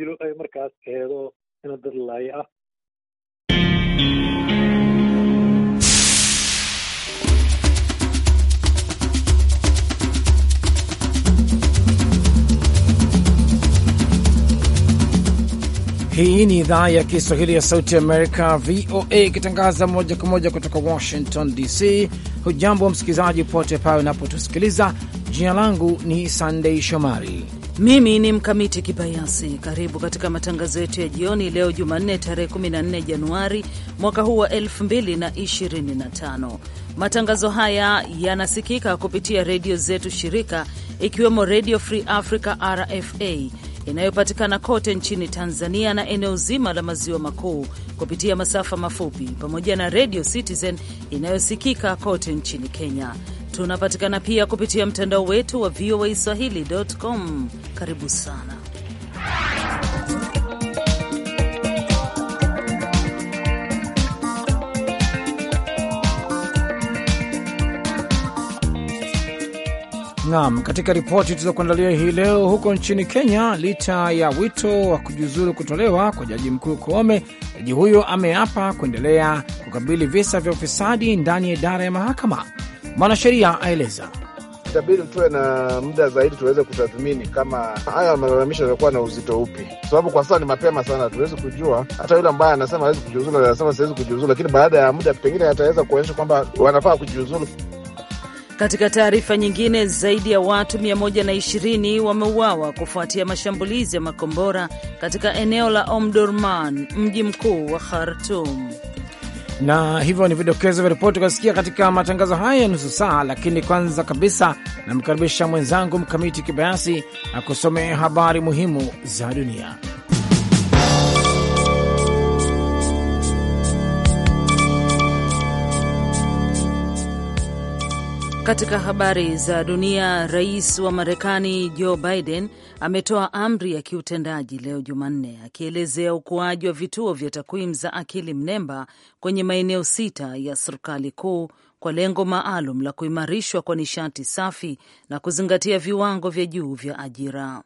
jiro ay markaas eedo ina dadlaaya ah Hii ni idhaa ya Kiswahili ya Sauti Amerika, VOA, ikitangaza moja kwa moja kutoka Washington DC. Hujambo msikilizaji pote pale unapotusikiliza. Jina langu ni Sandei Shomari mimi ni Mkamiti Kibayasi. Karibu katika matangazo yetu ya jioni leo Jumanne, tarehe 14 Januari mwaka huu wa 2025. Matangazo haya yanasikika kupitia redio zetu shirika, ikiwemo Redio Free Africa RFA inayopatikana kote nchini Tanzania na eneo zima la maziwa makuu kupitia masafa mafupi, pamoja na Redio Citizen inayosikika kote nchini Kenya. Tunapatikana pia kupitia mtandao wetu wa VOA Swahili.com. Karibu sana. Naam, katika ripoti tulizokuandalia hii leo, huko nchini Kenya, licha ya wito wa kujiuzulu kutolewa kwa jaji mkuu Koome, jaji huyo ameapa kuendelea kukabili visa vya ufisadi ndani ya idara ya mahakama Mwanasheria aeleza itabidi tuwe na muda zaidi tuweze kutathmini kama haya malalamisho yatakuwa na uzito upi, kwa sababu kwa sasa ni mapema sana, tuwezi kujua. Hata yule ambaye anasema awezi kujiuzulu anasema siwezi kujiuzulu, lakini baada ya muda pengine ataweza kuonyesha kwamba wanafaa kujiuzulu. Katika taarifa nyingine, zaidi ya watu 120 wameuawa kufuatia mashambulizi ya makombora katika eneo la Omdurman, mji mkuu wa Khartum na hivyo ni vidokezo vya ripoti ukasikia katika matangazo haya ya nusu saa. Lakini kwanza kabisa, namkaribisha mwenzangu Mkamiti Kibayasi akusomee habari muhimu za dunia. Katika habari za dunia, rais wa Marekani Joe Biden ametoa amri ya kiutendaji leo Jumanne, akielezea ukuaji wa vituo vya takwimu za akili mnemba kwenye maeneo sita ya serikali kuu kwa lengo maalum la kuimarishwa kwa nishati safi na kuzingatia viwango vya juu vya ajira.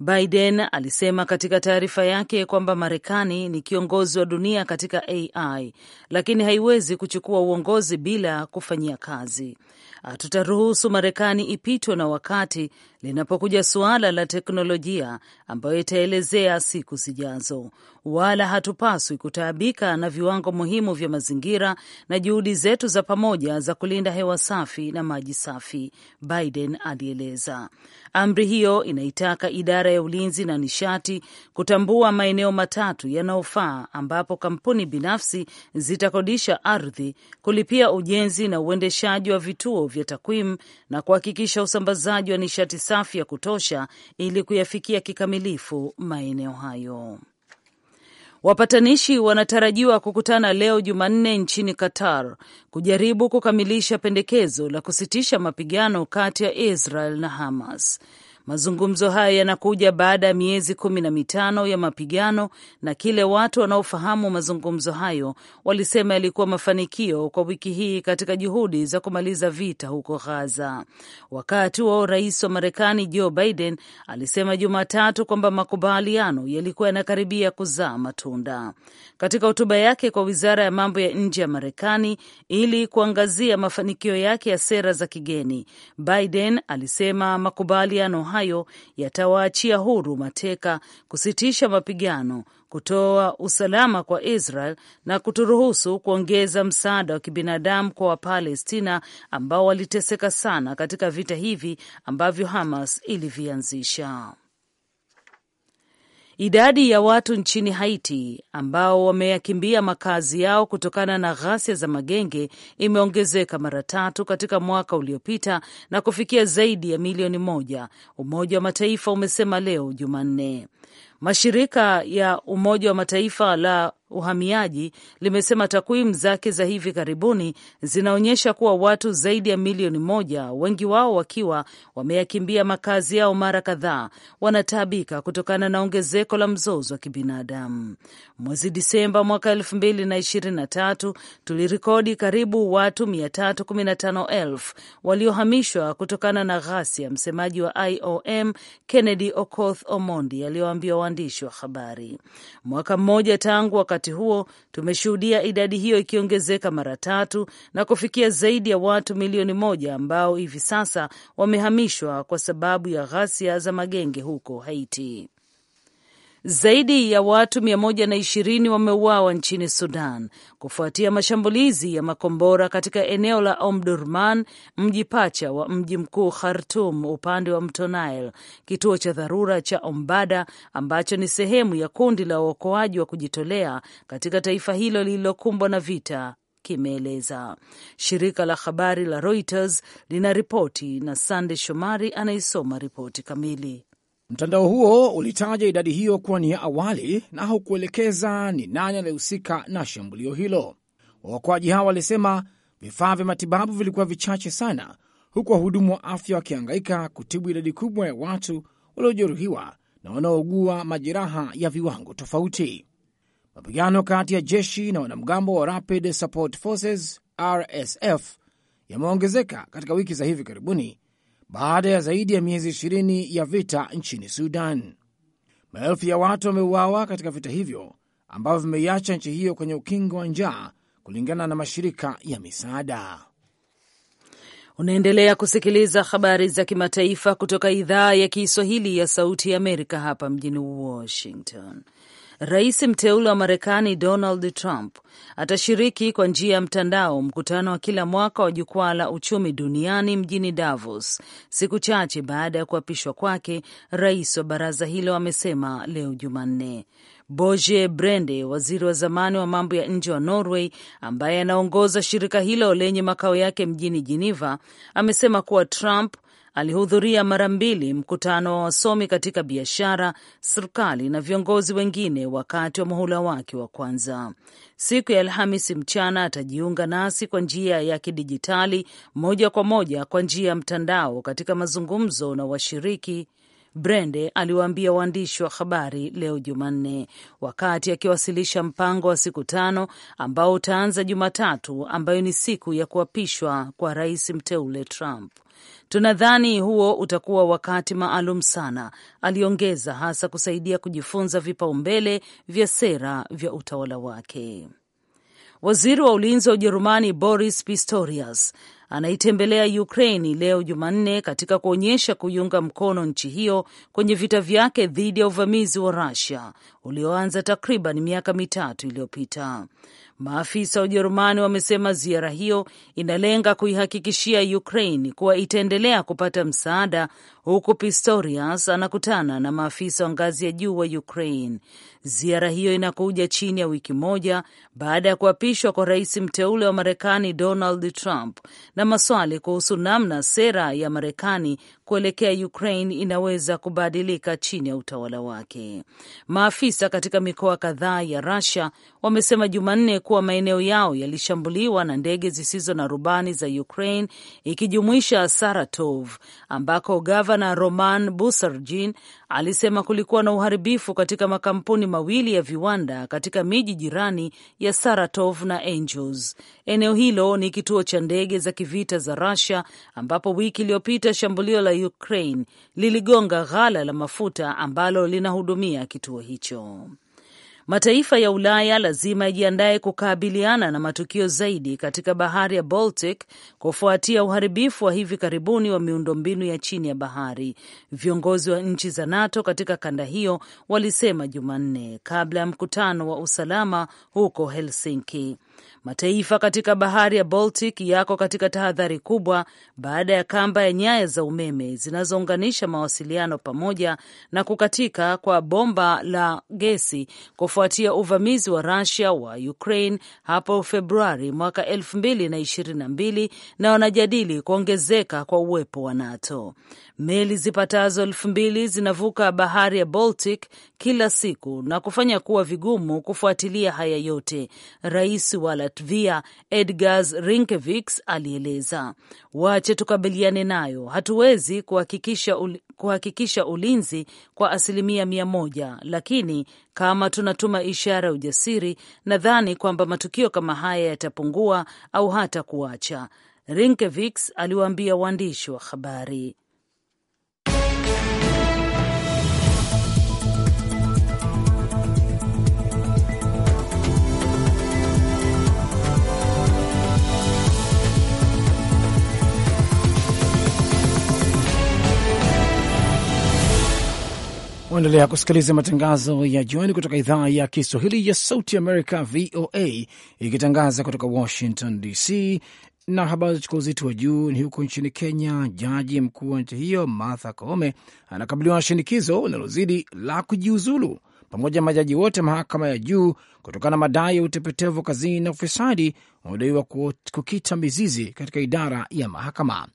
Biden alisema katika taarifa yake kwamba Marekani ni kiongozi wa dunia katika AI, lakini haiwezi kuchukua uongozi bila kufanyia kazi hatutaruhusu Marekani ipitwe na wakati linapokuja suala la teknolojia ambayo itaelezea siku zijazo. Wala hatupaswi kutaabika na viwango muhimu vya mazingira na juhudi zetu za pamoja za kulinda hewa safi na maji safi, Biden alieleza. Amri hiyo inaitaka idara ya ulinzi na nishati kutambua maeneo matatu yanayofaa ambapo kampuni binafsi zitakodisha ardhi, kulipia ujenzi na uendeshaji wa vituo vya takwimu na kuhakikisha usambazaji wa nishati safi ya kutosha ili kuyafikia kikamilifu maeneo hayo. Wapatanishi wanatarajiwa kukutana leo Jumanne nchini Qatar kujaribu kukamilisha pendekezo la kusitisha mapigano kati ya Israel na Hamas. Mazungumzo hayo yanakuja baada ya miezi kumi na mitano ya mapigano na kile watu wanaofahamu mazungumzo hayo walisema yalikuwa mafanikio kwa wiki hii katika juhudi za kumaliza vita huko Gaza. Wakati wao rais wa Marekani Joe Biden alisema Jumatatu kwamba makubaliano yalikuwa yanakaribia kuzaa matunda. Katika hotuba yake kwa wizara ya mambo ya nje ya Marekani ili kuangazia mafanikio yake ya sera za kigeni, Biden alisema makubaliano hayo yatawaachia huru mateka, kusitisha mapigano, kutoa usalama kwa Israel na kuturuhusu kuongeza msaada wa kibinadamu kwa Wapalestina ambao waliteseka sana katika vita hivi ambavyo Hamas ilivianzisha. Idadi ya watu nchini Haiti ambao wameyakimbia makazi yao kutokana na ghasia za magenge imeongezeka mara tatu katika mwaka uliopita na kufikia zaidi ya milioni moja, Umoja wa Mataifa umesema leo Jumanne. Mashirika ya Umoja wa Mataifa la uhamiaji limesema takwimu zake za hivi karibuni zinaonyesha kuwa watu zaidi ya milioni moja, wengi wao wakiwa wameyakimbia makazi yao mara kadhaa, wanataabika kutokana na ongezeko la mzozo wa kibinadamu. Mwezi Disemba mwaka elfu mbili na ishirini na tatu tulirikodi karibu watu mia tatu kumi na tano elfu waliohamishwa kutokana na ghasia. Msemaji wa IOM Kennedy Okoth Omondi aliyoambia waandishi wa habari mwaka mmoja tangu wakati wakati huo tumeshuhudia idadi hiyo ikiongezeka mara tatu na kufikia zaidi ya watu milioni moja ambao hivi sasa wamehamishwa kwa sababu ya ghasia za magenge huko Haiti. Zaidi ya watu 120 wameuawa nchini Sudan kufuatia mashambulizi ya makombora katika eneo la Omdurman, mji pacha wa mji mkuu Khartum, upande wa mto Nile. Kituo cha dharura cha Ombada ambacho ni sehemu ya kundi la uokoaji wa kujitolea katika taifa hilo lililokumbwa na vita kimeeleza. Shirika la habari la Reuters ripoti na Sande Shomari anaisoma ripoti kamili. Mtandao huo ulitaja idadi hiyo kuwa ni ya awali na hukuelekeza ni nani anayehusika na shambulio hilo. Waokoaji hao walisema vifaa vya matibabu vilikuwa vichache sana, huku wahudumu wa afya wakihangaika kutibu idadi kubwa ya watu waliojeruhiwa na wanaougua majeraha ya viwango tofauti. Mapigano kati ya jeshi na wanamgambo wa Rapid Support Forces RSF yameongezeka katika wiki za hivi karibuni baada ya zaidi ya miezi ishirini ya vita nchini Sudan. Maelfu ya watu wameuawa katika vita hivyo ambavyo vimeiacha nchi hiyo kwenye ukingo wa njaa, kulingana na mashirika ya misaada. Unaendelea kusikiliza habari za kimataifa kutoka idhaa ya Kiswahili ya Sauti ya Amerika hapa mjini Washington. Rais mteule wa Marekani Donald Trump atashiriki kwa njia ya mtandao mkutano wa kila mwaka wa jukwaa la uchumi duniani mjini Davos, siku chache baada ya kuapishwa kwake. Rais wa baraza hilo amesema leo Jumanne. Boje Brende, waziri wa zamani wa mambo ya nje wa Norway ambaye anaongoza shirika hilo lenye makao yake mjini Geneva, amesema kuwa Trump alihudhuria mara mbili mkutano wa wasomi katika biashara, serikali na viongozi wengine wakati wa muhula wake wa kwanza. Siku ya Alhamisi mchana atajiunga nasi kwa njia ya kidijitali moja kwa moja kwa njia ya mtandao katika mazungumzo na washiriki Brende aliwaambia waandishi wa habari leo Jumanne wakati akiwasilisha mpango wa siku tano ambao utaanza Jumatatu, ambayo ni siku ya kuapishwa kwa rais mteule Trump. Tunadhani huo utakuwa wakati maalum sana, aliongeza, hasa kusaidia kujifunza vipaumbele vya sera vya utawala wake. Waziri wa ulinzi wa Ujerumani Boris Pistorius anaitembelea Ukraini leo Jumanne katika kuonyesha kuiunga mkono nchi hiyo kwenye vita vyake dhidi ya uvamizi wa Rusia ulioanza takriban miaka mitatu iliyopita. Maafisa wa Ujerumani wamesema ziara hiyo inalenga kuihakikishia Ukraine kuwa itaendelea kupata msaada, huku Pistorius anakutana na maafisa wa ngazi ya juu wa Ukraine. Ziara hiyo inakuja chini ya wiki moja baada ya kuapishwa kwa rais mteule wa Marekani Donald Trump, na maswali kuhusu namna sera ya Marekani kuelekea Ukraine inaweza kubadilika chini ya utawala wake. Maafisa katika mikoa kadhaa ya Russia wamesema Jumanne kuwa maeneo yao yalishambuliwa na ndege zisizo na rubani za Ukraine, ikijumuisha Saratov ambako gavana Roman busarjin alisema kulikuwa na uharibifu katika makampuni mawili ya viwanda katika miji jirani ya Saratov na Angels. Eneo hilo ni kituo cha ndege za kivita za Russia, ambapo wiki iliyopita shambulio la Ukraine liligonga ghala la mafuta ambalo linahudumia kituo hicho. Mataifa ya Ulaya lazima yajiandaye kukabiliana na matukio zaidi katika bahari ya Baltic kufuatia uharibifu wa hivi karibuni wa miundombinu ya chini ya bahari, viongozi wa nchi za NATO katika kanda hiyo walisema Jumanne kabla ya mkutano wa usalama huko Helsinki. Mataifa katika bahari ya Baltic yako katika tahadhari kubwa baada ya kamba ya nyaya za umeme zinazounganisha mawasiliano pamoja na kukatika kwa bomba la gesi kufuatia uvamizi wa Russia wa Ukraine hapo Februari mwaka elfu na na wanajadili kuongezeka kwa uwepo wa NATO. Meli zipatazo elfu mbili zinavuka bahari ya Baltic kila siku na kufanya kuwa vigumu kufuatilia haya yote. Rais wa Latvia Edgars Rinkeviks alieleza, wache tukabiliane nayo. Hatuwezi kuhakikisha uli, kuhakikisha ulinzi kwa asilimia mia moja, lakini kama tunatuma ishara ya ujasiri, nadhani kwamba matukio kama haya yatapungua au hata kuacha, Rinkeviks aliwaambia waandishi wa habari. Waendelea kusikiliza matangazo ya jioni kutoka idhaa ya Kiswahili ya Sauti Amerika, VOA, ikitangaza kutoka Washington DC. Na habari zachukua uzito wa juu ni huko nchini Kenya. Jaji mkuu wa nchi hiyo Martha Koome anakabiliwa na shinikizo linalozidi la kujiuzulu pamoja na majaji wote mahakama ya juu kutokana na madai ya utepetevu kazini na ufisadi wanaodaiwa kukita mizizi katika idara ya mahakama.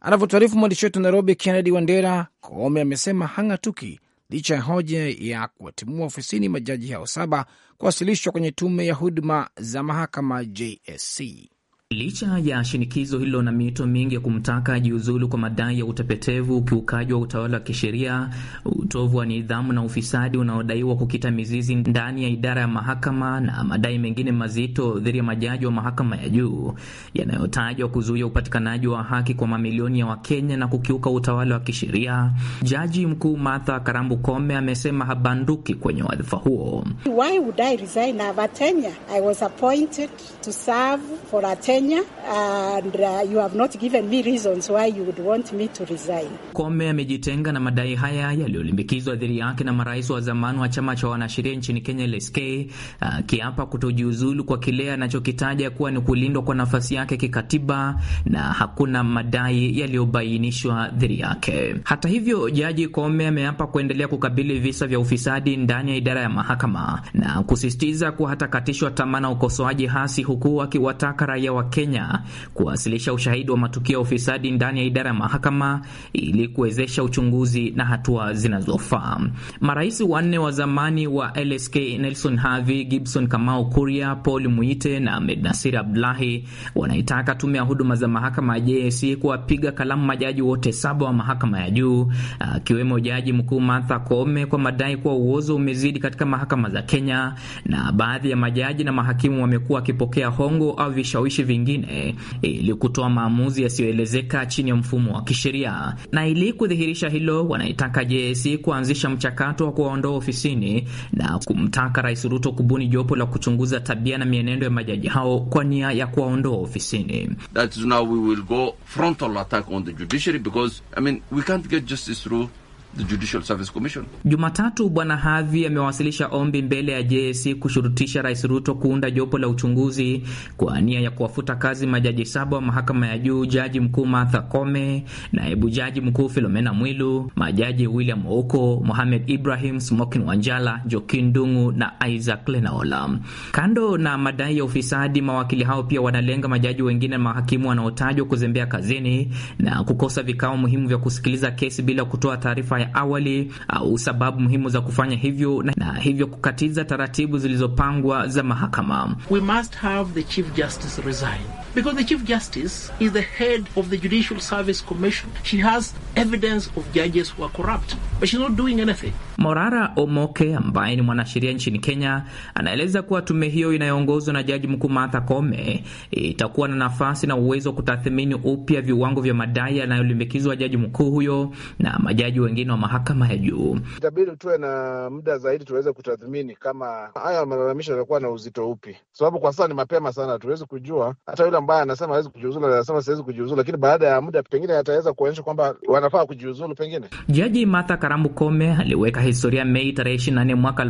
Anavyotuarifu mwandishi wetu Nairobi, Kennedy Wandera. Koome amesema hang'atuki licha ya hoja ya kuwatimua ofisini majaji hao saba kuwasilishwa kwenye tume ya huduma za mahakama JSC. Licha ya shinikizo hilo na mito mingi ya kumtaka jiuzulu kwa madai ya utepetevu, ukiukaji wa utawala wa kisheria, utovu wa nidhamu na ufisadi unaodaiwa kukita mizizi ndani ya idara ya mahakama na madai mengine mazito dhidi ya majaji wa mahakama ya juu yanayotajwa kuzuia upatikanaji wa haki kwa mamilioni ya Wakenya na kukiuka utawala wa kisheria, Jaji Mkuu Martha Karambu Kome amesema habanduki kwenye wadhifa huo. Why would I resign? Uh, Kome amejitenga na madai haya yaliyolimbikizwa dhidi yake na marais wa zamani wa chama cha wanasheria nchini Kenya LSK, akiapa kutojiuzulu kwa kile anachokitaja kuwa ni kulindwa kwa nafasi yake kikatiba na hakuna madai yaliyobainishwa dhidi yake. Hata hivyo, Jaji Kome ameapa kuendelea kukabili visa vya ufisadi ndani ya idara ya mahakama na kusisitiza kuwa hatakatishwa tamaa na ukosoaji hasi, huku akiwataka raia wa Kenya kuwasilisha ushahidi wa matukio ya ufisadi ndani ya idara ya mahakama ili kuwezesha uchunguzi na hatua zinazofaa. Marais wanne wa zamani wa LSK Nelson Havi, Gibson Kamau Kuria, Paul Muite na Ahmed Nasir Abdulahi wanaitaka tume ya huduma za mahakama ya JSC kuwapiga kalamu majaji wote saba wa mahakama ya juu akiwemo jaji mkuu Martha Koome kwa madai kuwa uozo umezidi katika mahakama za Kenya na baadhi ya majaji na mahakimu wamekuwa wakipokea hongo au vishawishi vingine ili kutoa maamuzi yasiyoelezeka chini ya mfumo wa kisheria. Na ili kudhihirisha hilo, wanaitaka JSC kuanzisha mchakato wa kuwaondoa ofisini na kumtaka Rais Ruto kubuni jopo la kuchunguza tabia na mienendo ya majaji hao kwa nia ya kuwaondoa ofisini. That is now we will go frontal attack on the judiciary because, I mean, we can't get justice through the Judicial Service Commission. Jumatatu, Bwana Havi amewasilisha ombi mbele ya JSC kushurutisha Rais Ruto kuunda jopo la uchunguzi kwa nia ya kuwafuta kazi majaji saba wa mahakama ya juu, jaji mkuu Martha Kome, naibu jaji mkuu Filomena Mwilu, majaji William Ouko, Mohamed Ibrahim, Smokin Wanjala, Jokin Dungu na Isaac Lenaola. Kando na madai ya ufisadi, mawakili hao pia wanalenga majaji wengine na mahakimu wanaotajwa kuzembea kazini na kukosa vikao muhimu vya kusikiliza kesi bila kutoa taarifa ya awali au sababu muhimu za kufanya hivyo na, na hivyo kukatiza taratibu zilizopangwa za mahakama. We must have the Chief Justice resign because the Chief Justice is the head of the Judicial Service Commission. She has evidence of judges who are corrupt, but she's not doing anything. Morara Omoke ambaye ni mwanasheria nchini Kenya anaeleza kuwa tume hiyo inayoongozwa na jaji mkuu Martha Koome itakuwa na nafasi na uwezo wa kutathmini upya viwango vya madai yanayolimbikizwa jaji mkuu huyo na majaji wengine wa mahakama ya juu. Itabidi tuwe na muda zaidi tuweze kutathmini kama haya malalamisho yatakuwa na uzito upi, sababu kwa sasa ni mapema sana, tuwezi kujua. Hata yule ambaye anasema hawezi kujiuzulu anasema siwezi kujiuzulu, lakini baada ya muda pengine ataweza kuonyesha kwamba anafaa kujiuzulu pengine. Jaji Martha Karambu Kome aliweka historia Mei tarehe 24 mwaka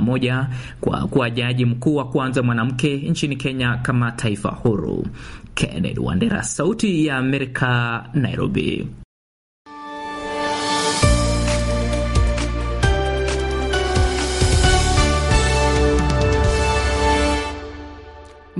moja kwa kuwa jaji mkuu wa kwanza mwanamke nchini Kenya kama taifa huru. Kennedy Wandera, Sauti ya Amerika, Nairobi.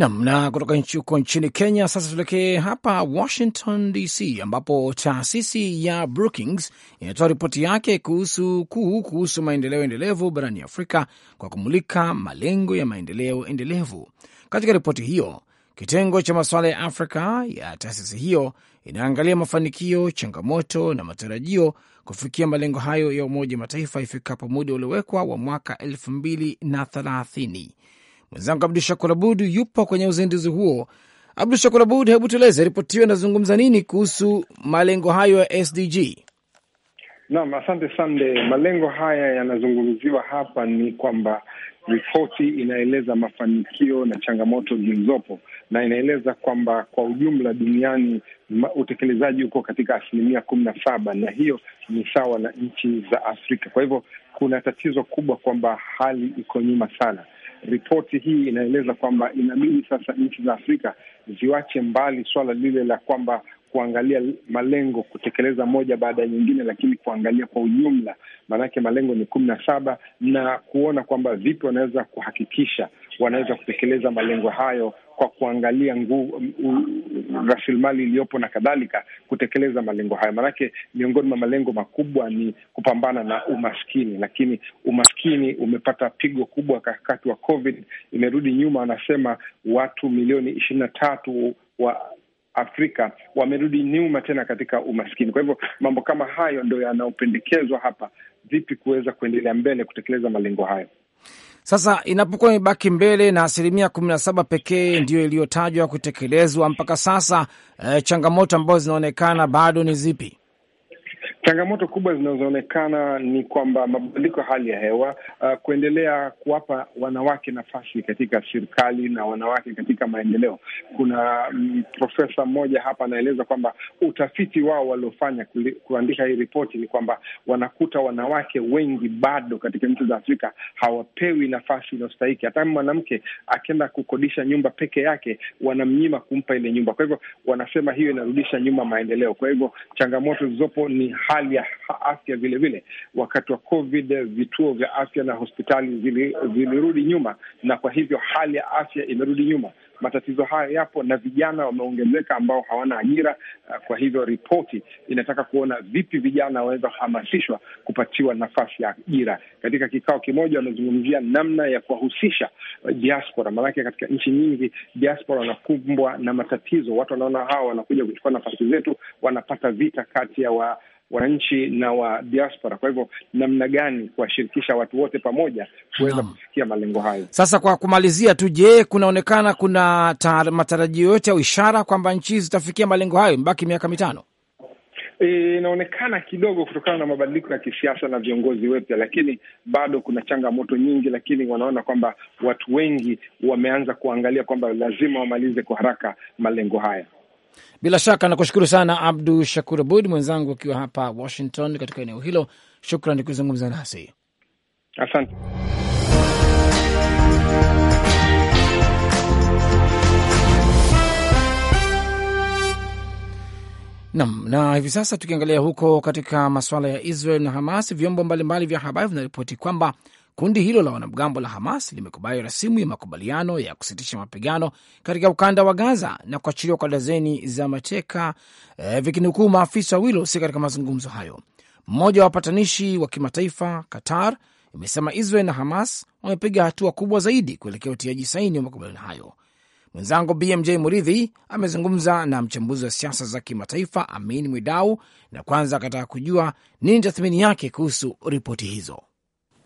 Nam na kutoka huko nchini Kenya. Sasa tuelekee hapa Washington DC, ambapo taasisi ya Brookings inatoa ripoti yake kuhusu kuu kuhusu maendeleo endelevu barani Afrika kwa kumulika malengo ya maendeleo endelevu. Katika ripoti hiyo, kitengo cha masuala ya Afrika ya taasisi hiyo inaangalia mafanikio, changamoto na matarajio kufikia malengo hayo ya Umoja Mataifa ifikapo muda uliowekwa wa mwaka elfu mbili na thelathini. Mwenzangu Abdu Shakur Abud yupo kwenye uzinduzi huo. Abdu Shakur Abud, hebu tueleze ripoti hiyo inazungumza nini kuhusu malengo hayo ya SDG? Naam, asante Sande. Malengo haya yanazungumziwa hapa ni kwamba ripoti inaeleza mafanikio na changamoto zilizopo na inaeleza kwamba kwa ujumla duniani utekelezaji uko katika asilimia kumi na saba na hiyo ni sawa na nchi za Afrika. Kwa hivyo kuna tatizo kubwa kwamba hali iko nyuma sana Ripoti hii inaeleza kwamba inabidi sasa nchi za Afrika ziwache mbali swala lile la kwamba kuangalia malengo kutekeleza moja baada ya nyingine, lakini kuangalia kwa ujumla, maanake malengo ni kumi na saba na kuona kwamba vipi wanaweza kuhakikisha wanaweza kutekeleza malengo hayo kwa kuangalia rasilimali iliyopo na kadhalika, kutekeleza malengo hayo. Maanake miongoni mwa malengo makubwa ni kupambana na umaskini, lakini umaskini umepata pigo kubwa wakati wa COVID, imerudi nyuma. Wanasema watu milioni ishirini na tatu wa Afrika wamerudi nyuma tena katika umaskini. Kwa hivyo mambo kama hayo ndo yanayopendekezwa hapa, vipi kuweza kuendelea mbele kutekeleza malengo hayo. Sasa inapokuwa imebaki mbele na asilimia kumi na saba pekee ndiyo iliyotajwa kutekelezwa mpaka sasa, e, changamoto ambazo zinaonekana bado ni zipi? Changamoto kubwa zinazoonekana ni kwamba mabadiliko ya hali ya hewa, uh, kuendelea kuwapa wanawake nafasi katika serikali na wanawake katika maendeleo. Kuna mm, profesa mmoja hapa anaeleza kwamba utafiti wao waliofanya kuandika hii ripoti ni kwamba wanakuta wanawake wengi bado katika nchi za Afrika hawapewi nafasi inayostahiki. Hata mwanamke akienda kukodisha nyumba peke yake, wanamnyima kumpa ile nyumba. Kwa hivyo wanasema hiyo inarudisha nyuma maendeleo. Kwa hivyo changamoto zilizopo ni hali ya afya vilevile. Wakati wa COVID vituo vya afya na hospitali vilirudi nyuma, na kwa hivyo hali ya afya imerudi nyuma. Matatizo haya yapo na vijana wameongezeka ambao hawana ajira. Eh, kwa hivyo ripoti inataka kuona vipi vijana waweza kuhamasishwa kupatiwa nafasi ya ajira. Katika kikao kimoja, wamezungumzia namna ya kuwahusisha eh, diaspora, maanake katika nchi nyingi diaspora wanakumbwa na matatizo. Watu wanaona hawa wanakuja kuchukua nafasi zetu, wanapata vita kati ya wa wananchi na wa diaspora. Kwa hivyo namna gani kuwashirikisha watu wote pamoja kuweza kufikia malengo hayo? Sasa kwa kumalizia tu, je, kunaonekana kuna matarajio yote au ishara kwamba nchi hizi zitafikia malengo hayo? Mbaki miaka mitano e, inaonekana e, kidogo kutokana na mabadiliko ya kisiasa na viongozi wapya, lakini bado kuna changamoto nyingi, lakini wanaona kwamba watu wengi wameanza kuangalia kwamba lazima wamalize kwa haraka malengo haya. Bila shaka nakushukuru sana Abdu Shakur Abud mwenzangu akiwa hapa Washington katika eneo hilo. Shukran kuzungumza nasi, asante. Nam na hivi sasa tukiangalia huko katika masuala ya Israel na Hamas, vyombo mbalimbali vya habari vinaripoti kwamba Kundi hilo la wanamgambo la Hamas limekubali rasimu ya makubaliano ya kusitisha mapigano katika ukanda wa Gaza na kuachiliwa kwa dazeni za mateka eh, vikinukuu maafisa wawili wahusika katika mazungumzo hayo. Mmoja wa wapatanishi wa kimataifa Qatar imesema Israel na Hamas wamepiga hatua kubwa zaidi kuelekea utiaji saini wa makubaliano hayo. Mwenzangu BMJ Muridhi amezungumza na mchambuzi wa siasa za kimataifa Amin Mwidau, na kwanza akataka kujua nini tathmini yake kuhusu ripoti hizo.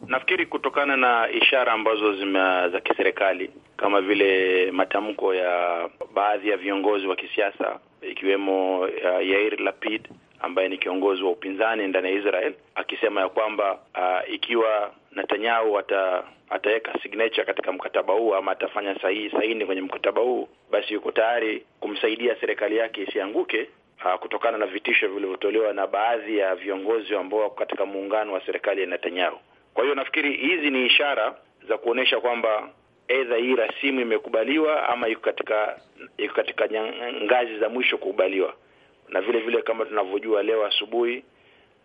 Nafikiri kutokana na ishara ambazo zime za kiserikali kama vile matamko ya baadhi ya viongozi wa kisiasa ikiwemo uh, Yair Lapid ambaye ni kiongozi wa upinzani ndani ya Israel akisema ya kwamba uh, ikiwa Netanyahu ata ataweka signature katika mkataba huu ama atafanya sahihi saini kwenye mkataba huu, basi yuko tayari kumsaidia serikali yake isianguke, uh, kutokana na vitisho vilivyotolewa na baadhi ya viongozi ambao wako katika muungano wa serikali ya Netanyahu. Kwa hiyo nafikiri hizi ni ishara za kuonesha kwamba aidha hii rasimu imekubaliwa ama iko katika iko katika ngazi za mwisho kukubaliwa. Na vile vile kama tunavyojua leo asubuhi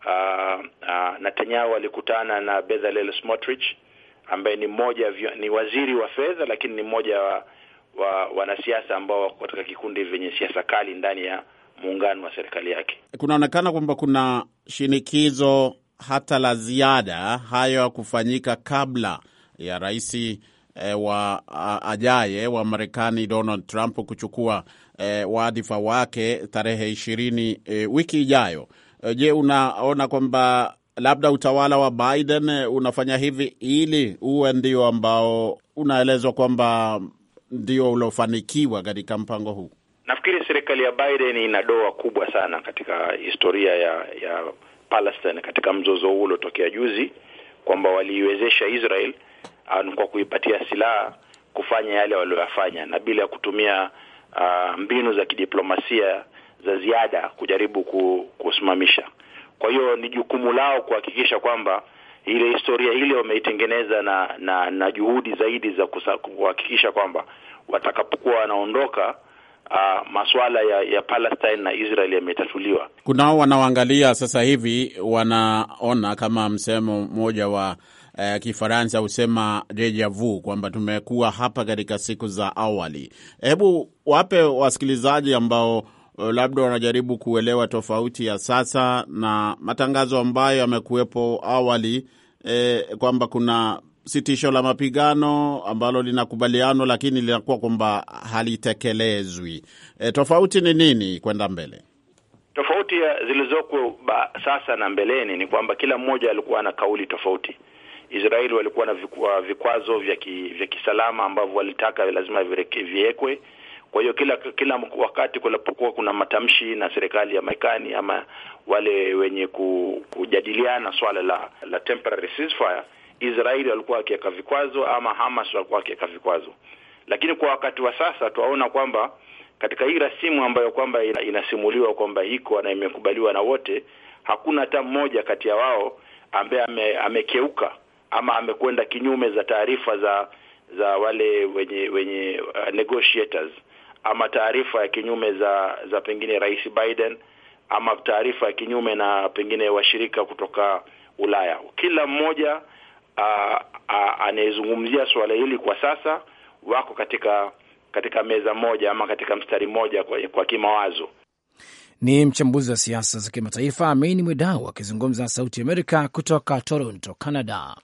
ah, ah, Netanyahu alikutana na Bezalel Smotrich ambaye ni mmoja ni waziri wa fedha, lakini ni mmoja wa wa wanasiasa ambao wako katika kikundi vyenye siasa kali ndani ya muungano wa serikali yake. Kunaonekana kwamba kuna shinikizo hata la ziada hayo kufanyika kabla ya rais e, wa ajaye wa Marekani Donald Trump kuchukua e, wadhifa wake tarehe ishirini e, wiki ijayo. Je, unaona kwamba labda utawala wa Biden unafanya hivi ili uwe ndio ambao unaelezwa kwamba ndio uliofanikiwa katika mpango huu? Nafikiri serikali ya Biden ina doa kubwa sana katika historia ya, ya Palestine katika mzozo huu uliotokea juzi, kwamba waliiwezesha Israel ah, kwa kuipatia silaha kufanya yale walioyafanya na bila ya kutumia uh, mbinu za kidiplomasia za ziada kujaribu kusimamisha. Kwa hiyo ni jukumu lao kuhakikisha kwamba ile historia ile wameitengeneza na, na na juhudi zaidi za kuhakikisha kwamba watakapokuwa wanaondoka uh, ah, masuala ya, ya Palestine na Israel yametatuliwa. Kunao wanaoangalia sasa hivi wanaona kama msemo mmoja wa uh, Kifaransa husema deja vu kwamba tumekuwa hapa katika siku za awali. Hebu wape wasikilizaji ambao eh, labda wanajaribu kuelewa tofauti ya sasa na matangazo ambayo yamekuwepo awali, e, kwamba kuna sitisho la mapigano ambalo linakubaliano lakini linakuwa kwamba halitekelezwi. E, tofauti ni nini kwenda mbele? Tofauti zilizoko sasa na mbeleni ni kwamba kila mmoja alikuwa na kauli tofauti. Israeli walikuwa na uh, vikwazo vya vya kisalama ambavyo walitaka lazima viwekwe. Kwa hiyo kila kila wakati kunapokuwa kuna matamshi na serikali ya Marekani ama wale wenye kujadiliana swala la la temporary ceasefire Israeli walikuwa wakiweka vikwazo ama Hamas walikuwa wakiweka vikwazo, lakini kwa wakati wa sasa tuwaona kwamba katika hii rasimu ambayo kwamba inasimuliwa kwamba iko na imekubaliwa na wote, hakuna hata mmoja kati ya wao ambaye ame, amekeuka ama amekwenda kinyume za taarifa za za wale wenye wenye uh, negotiators ama taarifa ya kinyume za za pengine Rais Biden ama taarifa ya kinyume na pengine washirika kutoka Ulaya. Kila mmoja anayezungumzia suala hili kwa sasa wako katika katika meza moja ama katika mstari mmoja kwa, kwa kimawazo. Ni mchambuzi wa siasa za kimataifa Amin Mwidau akizungumza na Sauti Amerika kutoka Toronto, Canada.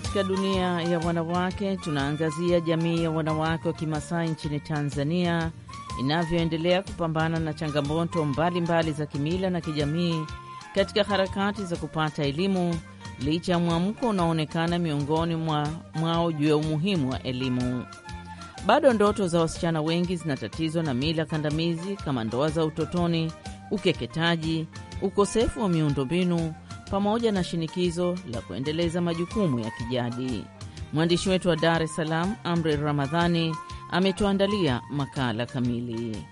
katika dunia ya wanawake, tunaangazia jamii ya wanawake wa Kimasai nchini Tanzania inavyoendelea kupambana na changamoto mbalimbali mbali za kimila na kijamii katika harakati za kupata elimu licha ya mwamko unaoonekana miongoni mwa mwao juu ya umuhimu wa elimu. Bado ndoto za wasichana wengi zinatatizwa na mila kandamizi kama ndoa za utotoni, ukeketaji, ukosefu wa miundombinu pamoja na shinikizo la kuendeleza majukumu ya kijadi. Mwandishi wetu wa Dar es Salaam, Amri Ramadhani, ametuandalia makala kamili.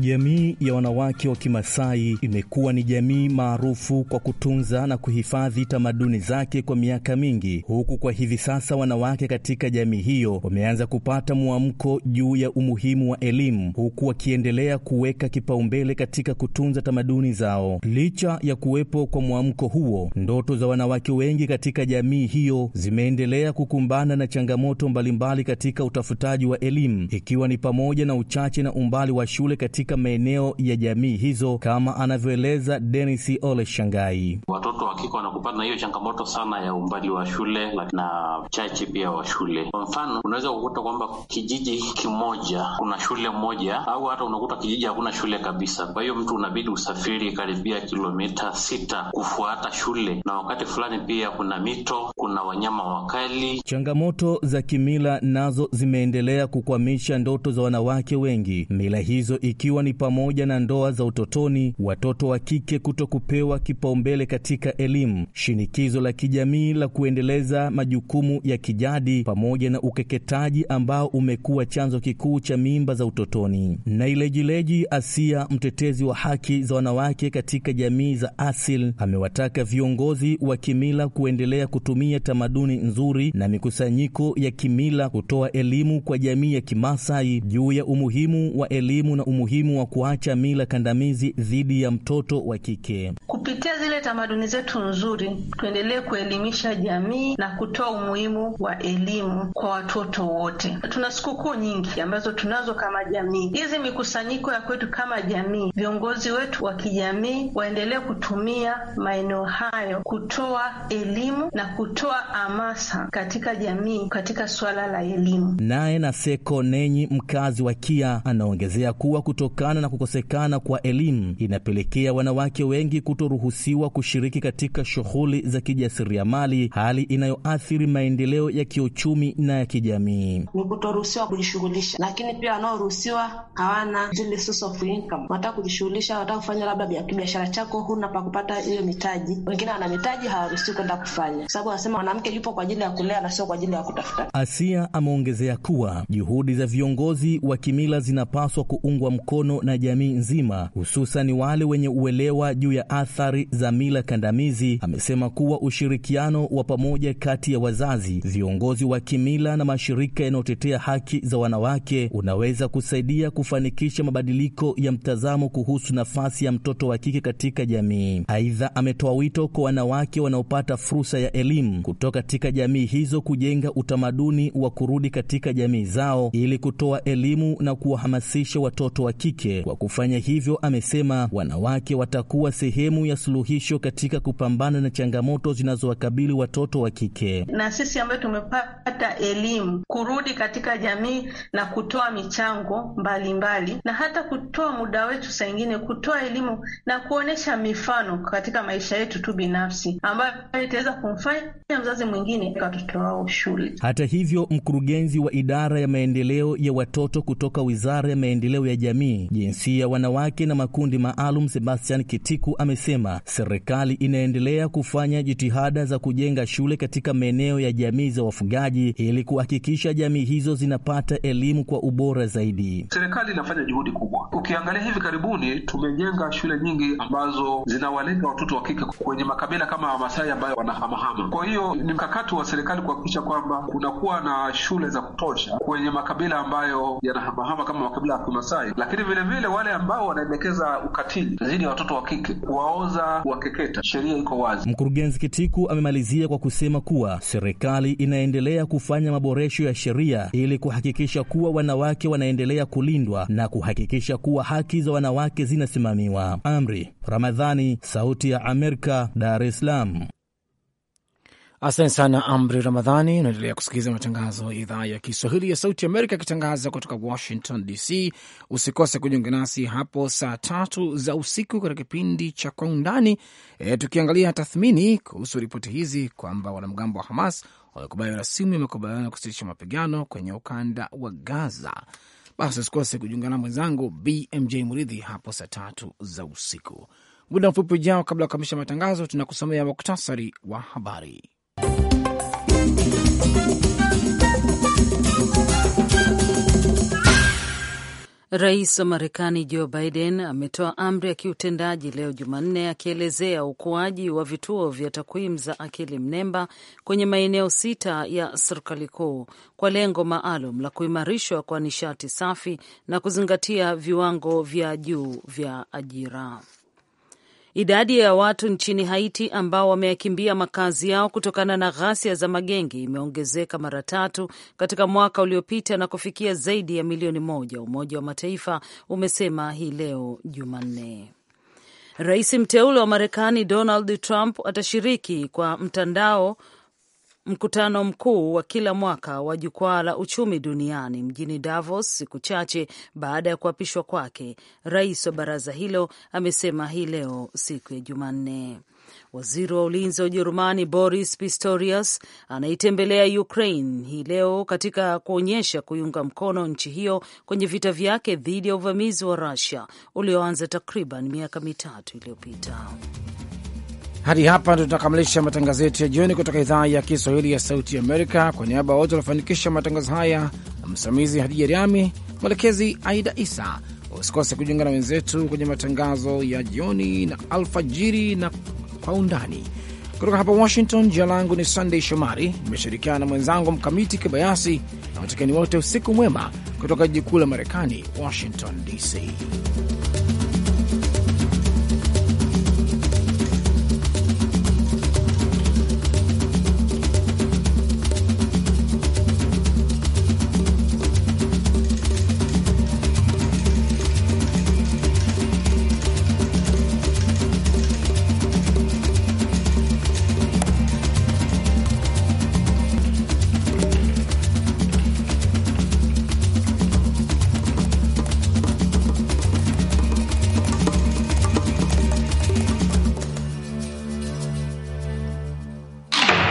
Jamii ya wanawake wa Kimasai imekuwa ni jamii maarufu kwa kutunza na kuhifadhi tamaduni zake kwa miaka mingi, huku kwa hivi sasa wanawake katika jamii hiyo wameanza kupata mwamko juu ya umuhimu wa elimu, huku wakiendelea kuweka kipaumbele katika kutunza tamaduni zao. Licha ya kuwepo kwa mwamko huo, ndoto za wanawake wengi katika jamii hiyo zimeendelea kukumbana na changamoto mbalimbali katika utafutaji wa elimu, ikiwa ni pamoja na uchache na umbali wa shule katika katika maeneo ya jamii hizo, kama anavyoeleza Denis Ole Shangai. Watoto hakika wanakupata na hiyo changamoto sana ya umbali wa shule na chache pia wa shule. Kwa mfano, unaweza kukuta kwamba kijiji kimoja kuna shule moja, au hata unakuta kijiji hakuna shule kabisa. Kwa hiyo mtu unabidi usafiri karibia kilomita sita kufuata shule, na wakati fulani pia kuna mito, kuna wanyama wakali. Changamoto za kimila nazo zimeendelea kukwamisha ndoto za wanawake wengi, mila hizo ikiwa ni pamoja na ndoa za utotoni, watoto wa kike kuto kupewa kipaumbele katika elimu elimu, shinikizo la kijamii la kuendeleza majukumu ya kijadi, pamoja na ukeketaji ambao umekuwa chanzo kikuu cha mimba za utotoni. Nailejileji Asia, mtetezi wa haki za wanawake katika jamii za asili, amewataka viongozi wa kimila kuendelea kutumia tamaduni nzuri na mikusanyiko ya kimila kutoa elimu kwa jamii ya Kimasai juu ya umuhimu wa elimu na umuhimu wa kuacha mila kandamizi dhidi ya mtoto wa kike kupitia zile tamaduni zetu nzuri, tuendelee kuelimisha jamii na kutoa umuhimu wa elimu kwa watoto wote. Tuna sikukuu nyingi ambazo tunazo kama jamii. Hizi mikusanyiko ya kwetu kama jamii, viongozi wetu wa kijamii waendelee kutumia maeneo hayo kutoa elimu na kutoa hamasa katika jamii katika suala la elimu. Naye Naseko Nenyi, mkazi wa Kia, anaongezea kuwa kutokana na kukosekana kwa elimu inapelekea wanawake wengi kutoruhusiwa kushiriki katika katika shughuli za kijasiriamali, hali inayoathiri maendeleo ya kiuchumi na ya kijamii. Ni kutoruhusiwa kujishughulisha, lakini pia wanaoruhusiwa hawana zile source of income. Wanataka kujishughulisha, wanataka kufanya labda kibiashara chako, huna pa kupata hiyo mitaji. Wengine wana mitaji, hawaruhusiwi kwenda kufanya, kwa sababu wanasema mwanamke yupo kwa ajili ya kulea na sio kwa ajili ya kutafuta. Asia ameongezea kuwa juhudi za viongozi wa kimila zinapaswa kuungwa mkono na jamii nzima, hususani wale wenye uelewa juu ya athari za mila kandamizi hizi amesema kuwa ushirikiano wa pamoja kati ya wazazi, viongozi wa kimila na mashirika yanayotetea haki za wanawake unaweza kusaidia kufanikisha mabadiliko ya mtazamo kuhusu nafasi ya mtoto wa kike katika jamii. Aidha, ametoa wito kwa wanawake wanaopata fursa ya elimu kutoka katika jamii hizo kujenga utamaduni wa kurudi katika jamii zao ili kutoa elimu na kuwahamasisha watoto wa kike. Kwa kufanya hivyo, amesema wanawake watakuwa sehemu ya suluhisho katika kupa kupambana na changamoto zinazowakabili watoto wa kike. Na sisi ambayo tumepata elimu, kurudi katika jamii na kutoa michango mbalimbali mbali, na hata kutoa muda wetu saa ingine kutoa elimu na kuonyesha mifano katika maisha yetu tu binafsi ambayo itaweza kumfanya mzazi mwingine katoto wao shule. Hata hivyo, mkurugenzi wa idara ya maendeleo ya watoto kutoka Wizara ya Maendeleo ya Jamii, Jinsia, Wanawake na Makundi Maalum, Sebastian Kitiku amesema serikali inaendelea kuendelea kufanya jitihada za kujenga shule katika maeneo ya jamii za wafugaji ili kuhakikisha jamii hizo zinapata elimu kwa ubora zaidi. Serikali inafanya juhudi kubwa. Ukiangalia hivi karibuni, tumejenga shule nyingi ambazo zinawalenga watoto wa kike kwenye makabila kama Wamasai ambayo wanahamahama. Kwa hiyo ni mkakati wa serikali kuhakikisha kwamba kunakuwa na shule za kutosha kwenye makabila ambayo yanahamahama kama makabila ya Kimasai, lakini vilevile wale ambao wanaendekeza ukatili dhidi ya watoto wa kike, kuwaoza, kuwakeketa, sheria iko wazi. Mkurugenzi Kitiku amemalizia kwa kusema kuwa serikali inaendelea kufanya maboresho ya sheria ili kuhakikisha kuwa wanawake wanaendelea kulindwa na kuhakikisha kuwa haki za wanawake zinasimamiwa. Amri Ramadhani, Sauti ya Amerika, Dar es Salaam. Asante sana Amri Ramadhani. Unaendelea kusikiliza matangazo ya idhaa ya Kiswahili ya Sauti Amerika ikitangaza kutoka Washington DC. Usikose kujiunga nasi hapo saa tatu za usiku katika kipindi cha Kwa Undani e, tukiangalia tathmini kuhusu ripoti hizi kwamba wanamgambo wa Hamas wamekubali rasimu ya makubaliano ya kusitisha mapigano kwenye ukanda wa Gaza. Basi usikose kujiunga na mwenzangu BMJ Muridhi hapo saa tatu za usiku. Muda mfupi ujao, kabla ya kukamilisha matangazo, tunakusomea muktasari wa habari. Rais wa Marekani Joe Biden ametoa amri ya kiutendaji leo Jumanne akielezea ukuaji wa vituo vya takwimu za akili mnemba kwenye maeneo sita ya serikali kuu kwa lengo maalum la kuimarishwa kwa nishati safi na kuzingatia viwango vya juu vya ajira. Idadi ya watu nchini Haiti ambao wameyakimbia makazi yao kutokana na ghasia za magengi imeongezeka mara tatu katika mwaka uliopita na kufikia zaidi ya milioni moja, Umoja wa Mataifa umesema hii leo Jumanne. Rais mteule wa Marekani Donald Trump atashiriki kwa mtandao mkutano mkuu wa kila mwaka wa jukwaa la uchumi duniani mjini Davos siku chache baada ya kuapishwa kwake. Rais wa baraza hilo amesema hii leo siku ya Jumanne. Waziri wa ulinzi wa Ujerumani Boris Pistorius anaitembelea Ukraine hii leo katika kuonyesha kuiunga mkono nchi hiyo kwenye vita vyake dhidi ya uvamizi wa Rusia ulioanza takriban miaka mitatu iliyopita. Hadi hapa ndo tunakamilisha matangazo yetu ya jioni kutoka idhaa ya Kiswahili ya Sauti Amerika. Kwa niaba ya wote waliofanikisha matangazo haya, msimamizi Hadija Riami, mwelekezi Aida Isa. Usikose kujiunga na wenzetu kwenye matangazo ya jioni na alfajiri na kwa undani kutoka hapa Washington. Jina langu ni sandey Shomari, nimeshirikiana na mwenzangu Mkamiti Kibayasi na watakeni wote usiku mwema kutoka jiji kuu la Marekani, Washington DC.